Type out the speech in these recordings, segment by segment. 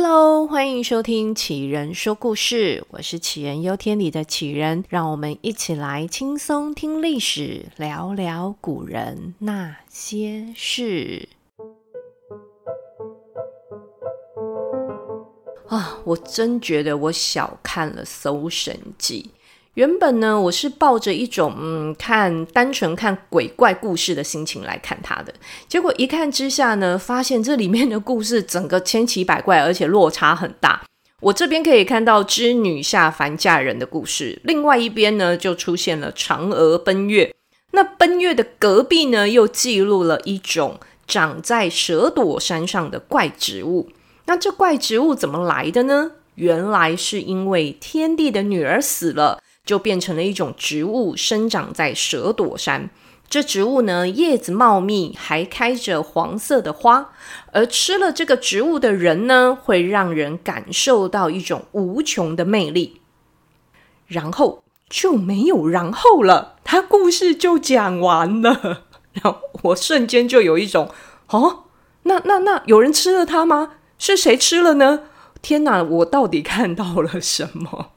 Hello，歡迎收聽《杞人說故事》，我是《杞人憂天》裡的杞人，讓我們一起來輕鬆聽歷史，聊聊古人那些事。啊，我真覺得我小看了《搜神記》。原本呢，我是抱着一種嗯，看單純看鬼怪故事的心情來看它的，結果一看之下呢，發現這裡面的故事整個千奇百怪，而且落差很大。我這邊可以看到織女下凡嫁人的故事，另外一邊呢就出現了嫦娥奔月。那奔月的隔壁呢，又記錄了一種長在蛇朵山上的怪植物。那這怪植物怎麼來的呢？原來是因為天帝的女兒死了。就變成了一種植物生長在蛇朵山。這植物呢，葉子茂密，還開着黃色的花。而吃了這個植物的人呢，會讓人感受到一種無窮的魅力。然後就沒有然後了，他故事就講完了。然後我瞬間就有一種，哦，那那那有人吃了它嗎？是誰吃了呢？天哪，我到底看到了什麼？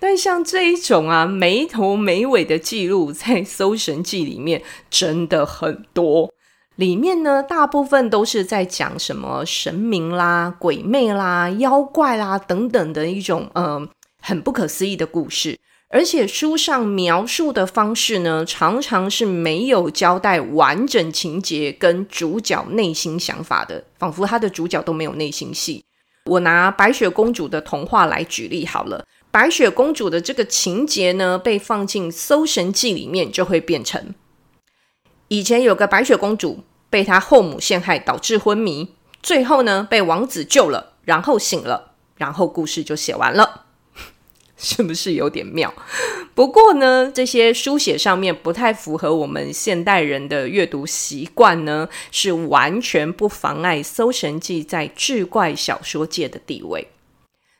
但像這一種啊，沒頭沒尾的記錄，在《搜神記》裡面真的很多。裡面呢，大部分都是在講什麼神明啦、鬼魅啦、妖怪啦等等的一種嗯、呃、很不可思議的故事。而且書上描述的方式呢，常常是沒有交代完整情節跟主角內心想法的，仿佛他的主角都沒有內心戲。我拿《白雪公主》的童話來舉例好了。白雪公主的這個情節呢，被放進《搜神記》裡面，就會變成：以前有個白雪公主，被她後母陷害，導致昏迷，最後呢被王子救了，然後醒了，然後故事就寫完了， 是不是有點妙？不過呢，這些書寫上面不太符合我們現代人的閱讀習慣呢，是完全不妨礙《搜神記》在志怪小說界的地位。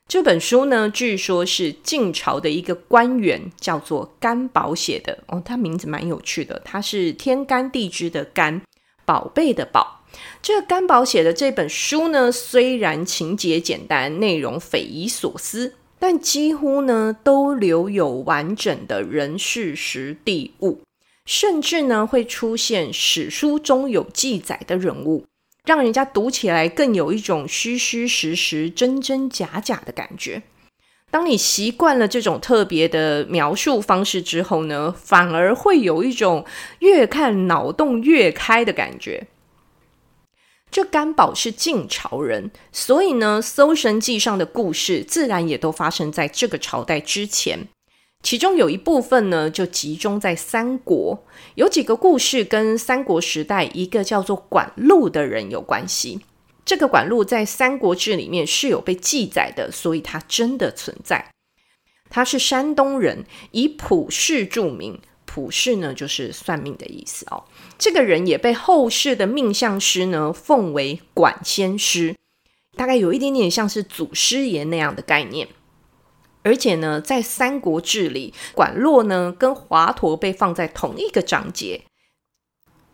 這本書呢，據說是晉朝的一個官員叫做干寶寫的哦，他名字蠻有趣的，他是天干地支的“干”寶貝的“寶”。這個干寶寫的這本書呢，雖然情節簡單，內容匪夷所思，但幾乎呢都留有完整的人、事、時、地、物，甚至呢會出現史書中有記載的人物。讓人家讀起來更有一種虛虛實實、真真假假的感覺。當你習慣了這種特別的描述方式之後呢，反而會有一種越看腦洞越開的感覺。這干寶是晉朝人，所以呢，《搜神記》上的故事自然也都發生在這個朝代之前。其中有一部分呢，就集中在三國，有幾個故事跟三國時代一個叫做管輅的人有關係。這個管輅在《三國志》裡面是有被記載的，所以他真的存在。他是山東人，以卜筮著名，卜筮呢就是算命的意思哦。這個人也被後世的命相師呢奉為管先師，大概有一點點像是祖師爺那樣的概念。而且呢，在《三國志》裡，管輅呢跟華佗被放在同一個章節，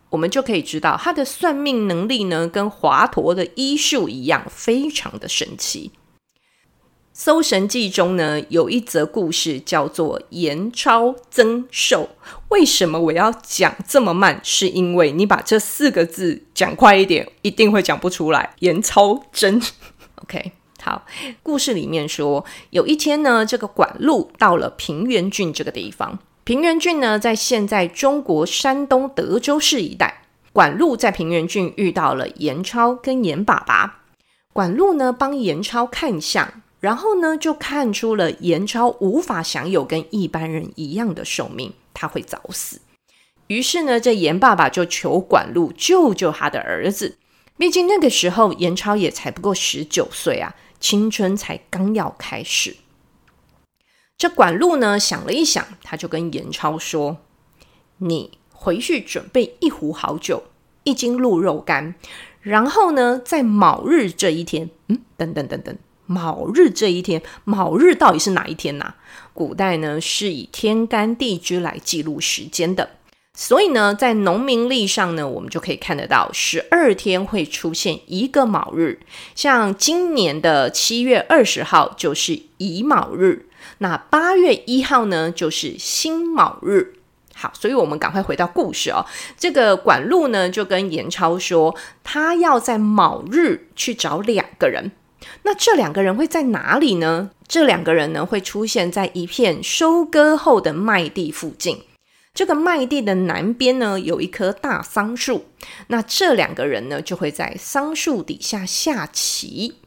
我們就可以知道他的算命能力呢跟華佗的醫術一樣，非常的神奇。《搜神記》中呢有一則故事叫做“顏超增壽”。為什麼我要講這麼慢？是因為你把這四個字講快一點，一定會講不出來。“顏超增 ”，OK。好，故事裡面說，有一天呢，這個管輅到了平原郡這個地方。平原郡呢，在現在中國山東德州市一帶。管輅在平原郡遇到了顏超跟顏爸爸。管輅呢，幫顏超看相，然後呢，就看出了顏超無法享有跟一般人一樣的壽命，他會早死。於是呢，這顏爸爸就求管輅救救他的兒子。畢竟那個時候顏超也才不過十九歲啊。青春才剛要開始，這管輅呢想了一想，他就跟顏超說：“你回去準備一壺好酒，一斤鹿肉乾，然後呢，在卯日這一天，嗯，等等等等，卯日這一天，卯日到底是哪一天吶、啊？古代呢是以天干地支來記錄時間的。”所以呢，在農民曆上呢，我們就可以看得到，十二天會出現一個卯日。像今年的七月二十號就是乙卯日，那八月一號呢就是辛卯日。好，所以我們趕快回到故事哦。這個管輅呢就跟顏超說，他要在卯日去找兩個人。那這兩個人會在哪裡呢？這兩個人呢會出現在一片收割後的麥地附近。這個麥地的南邊呢，有一棵大桑樹。那這兩個人呢，就會在桑樹底下下棋。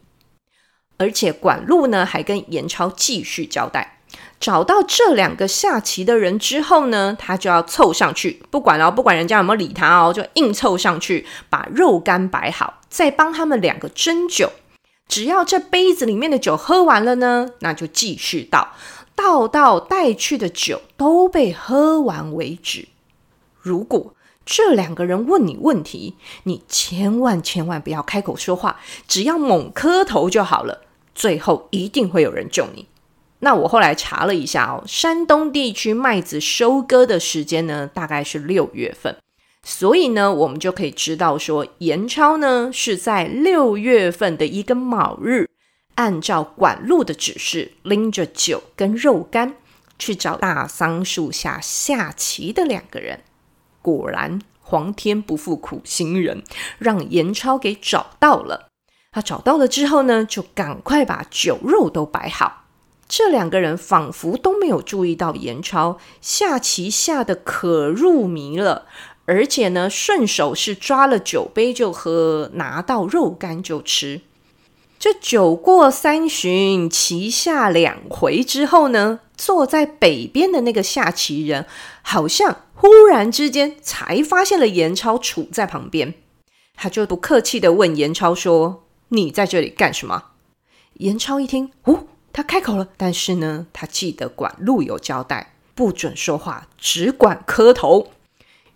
而且管輅呢，還跟顏超繼續交代：找到這兩個下棋的人之後呢，他就要湊上去，不管哦，不管人家有沒有理他哦，就硬湊上去，把肉乾擺好，再幫他們兩個斟酒。只要這杯子裡面的酒喝完了呢，那就繼續倒。倒到帶去的酒都被喝完為止。如果這兩個人問你問題，你千萬千萬不要開口說話，只要猛磕頭就好了。最後一定會有人救你。那我後來查了一下哦，山東地區麥子收割的時間呢，大概是六月份。所以呢，我們就可以知道說，顏超呢是在六月份的一個卯日。按照管輅的指示，拎着酒跟肉乾去找大桑樹下下棋的兩個人。果然，皇天不負苦心人，讓顏超給找到了。他找到了之後呢，就趕快把酒肉都擺好。這兩個人仿佛都沒有注意到顏超下棋下得可入迷了，而且呢，順手是抓了酒杯就喝，拿到肉乾就吃。這酒過三巡，棋下兩回之後呢，坐在北邊的那個下棋人，好像忽然之間才發現了顏超杵在旁邊，他就不客氣地問顏超說：“你在這裡幹什麼？”顏超一聽，哦，他開口了，但是呢，他記得管輅有交代，不准說話，只管磕頭。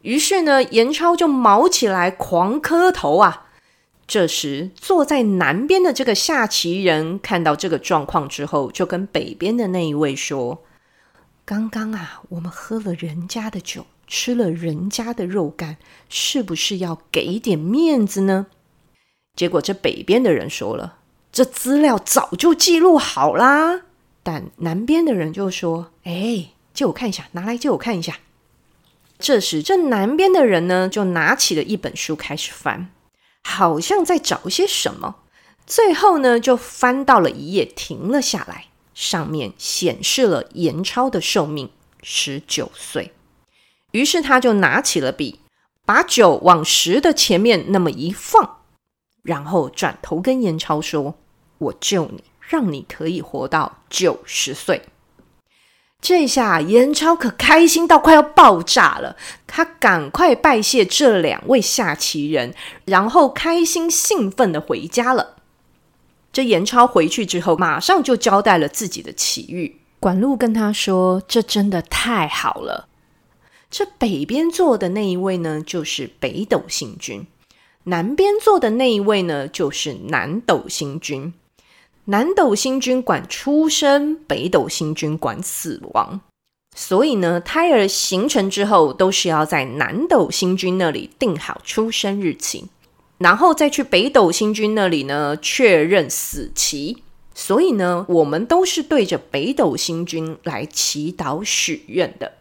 於是呢，顏超就卯起來，狂磕頭啊。這時，坐在南邊的這個下棋人看到這個狀況之後，就跟北邊的那一位說：“剛剛啊，我們喝了人家的酒，吃了人家的肉乾，是不是要給點面子呢？”結果，這北邊的人說了：“這資料早就記錄好啦。”但南邊的人就說：“哎，借我看一下，拿來借我看一下。”這時，這南邊的人呢，就拿起了一本書開始翻。好像在找些什麼，最後呢，就翻到了一頁，停了下來，上面顯示了顏超的壽命十九歲。於是他就拿起了筆，把九往十的前面那麼一放，然後轉頭跟顏超說：“我救你，讓你可以活到九十歲。”這下嚴超可開心到快要爆炸了，他趕快拜謝這兩位下棋人，然後開心興奮的回家了。這嚴超回去之後，馬上就交代了自己的奇遇。管輅跟他說：“這真的太好了！這北邊坐的那一位呢，就是北斗星君；南邊坐的那一位呢，就是南斗星君。”南斗星君管出生，北斗星君管死亡，所以呢，胎兒形成之後都是要在南斗星君那裡定好出生日期，然後再去北斗星君那裡呢確認死期。所以呢，我們都是對着北斗星君來祈禱許願的。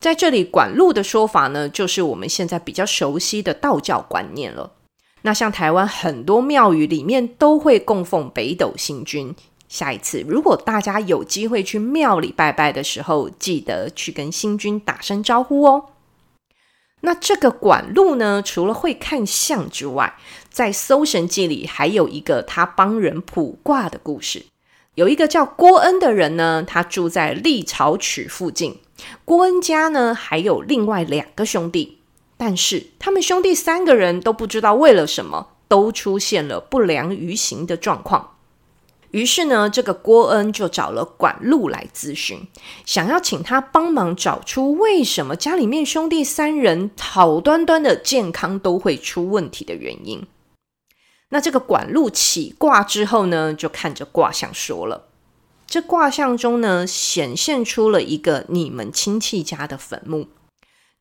在這裡“管輅”的說法呢，就是我們現在比較熟悉的道教觀念了。那像台灣很多廟宇裡面都會供奉北斗星君，下一次如果大家有機會去廟裡拜拜的時候，記得去跟星君打聲招呼哦。那這個管輅呢，除了會看相之外，在《搜神記》裡還有一個他幫人卜卦的故事。有一個叫郭恩的人呢，他住在利漕渠附近。郭恩家呢還有另外兩個兄弟。但是他們兄弟三個人都不知道為了什麼，都出現了不良於行的狀況。於是呢，這個郭恩就找了管輅來諮詢，想要請他幫忙找出為什麼家裡面兄弟三人好端端的健康都會出問題的原因。那這個管輅起卦之後呢，就看着卦象說了，這卦象中呢，顯現出了一個你們親戚家的墳墓。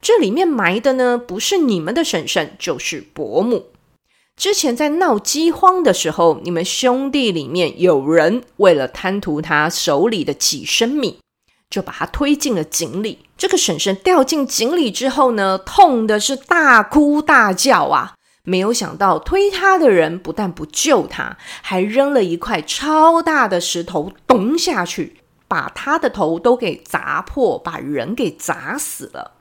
這裡面埋的呢，不是你們的嬸嬸，就是伯母。之前在鬧饑荒的時候，你們兄弟裡面有人為了貪圖他手裡的幾升米，就把他推進了井裡。這個嬸嬸掉進井裡之後呢，痛的是大哭大叫啊！沒有想到推他的人不但不救他，還扔了一塊超大的石頭咚下去，把他的頭都給砸破，把人給砸死了。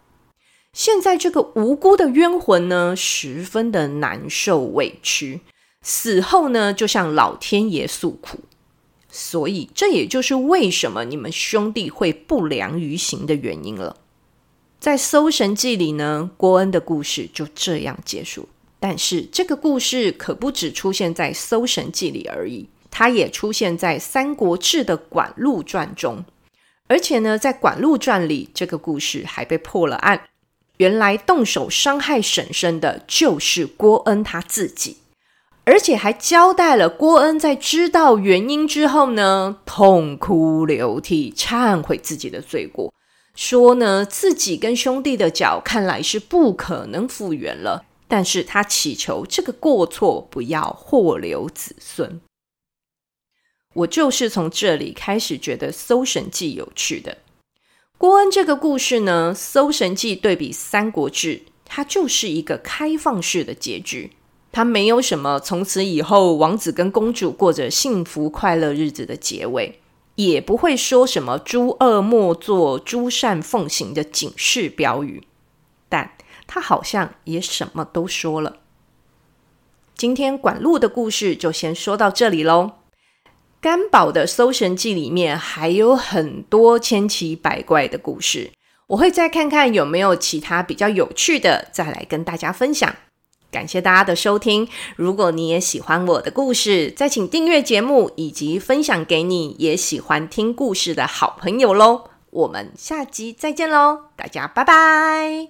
現在這個無辜的冤魂呢，十分的難受委屈，死後呢就向老天爺訴苦，所以這也就是為什麼你們兄弟會不良於行的原因了。在《搜神記》裡呢，郭恩的故事就這樣結束。但是這個故事可不只出現在《搜神記》裡而已，它也出現在《三國志》的管輅傳中，而且呢，在管輅傳裡，這個故事還被破了案。原來動手傷害嬸嬸的就是郭恩他自己，而且還交代了郭恩在知道原因之後呢，痛哭流涕，懺悔自己的罪過，說呢，自己跟兄弟的腳看來是不可能復原了，但是他祈求這個過錯不要禍留子孫。我就是從這裡開始覺得《搜神記》有趣的。郭恩這個故事呢，《搜神記》對比《三國志》，它就是一個開放式的結局，它沒有什麼從此以後王子跟公主過着幸福快樂日子的結尾，也不會說什麼“諸惡莫作，諸善奉行”的警示標語，但它好像也什麼都說了。今天管輅的故事就先說到這裡嘍。干寶的《搜神記》裡面還有很多千奇百怪的故事，我會再看看有沒有其他比較有趣的，再來跟大家分享。感謝大家的收聽，如果你也喜歡我的故事，再請訂閱節目以及分享給你也喜歡聽故事的好朋友嘍。我們下集再見嘍，大家拜拜。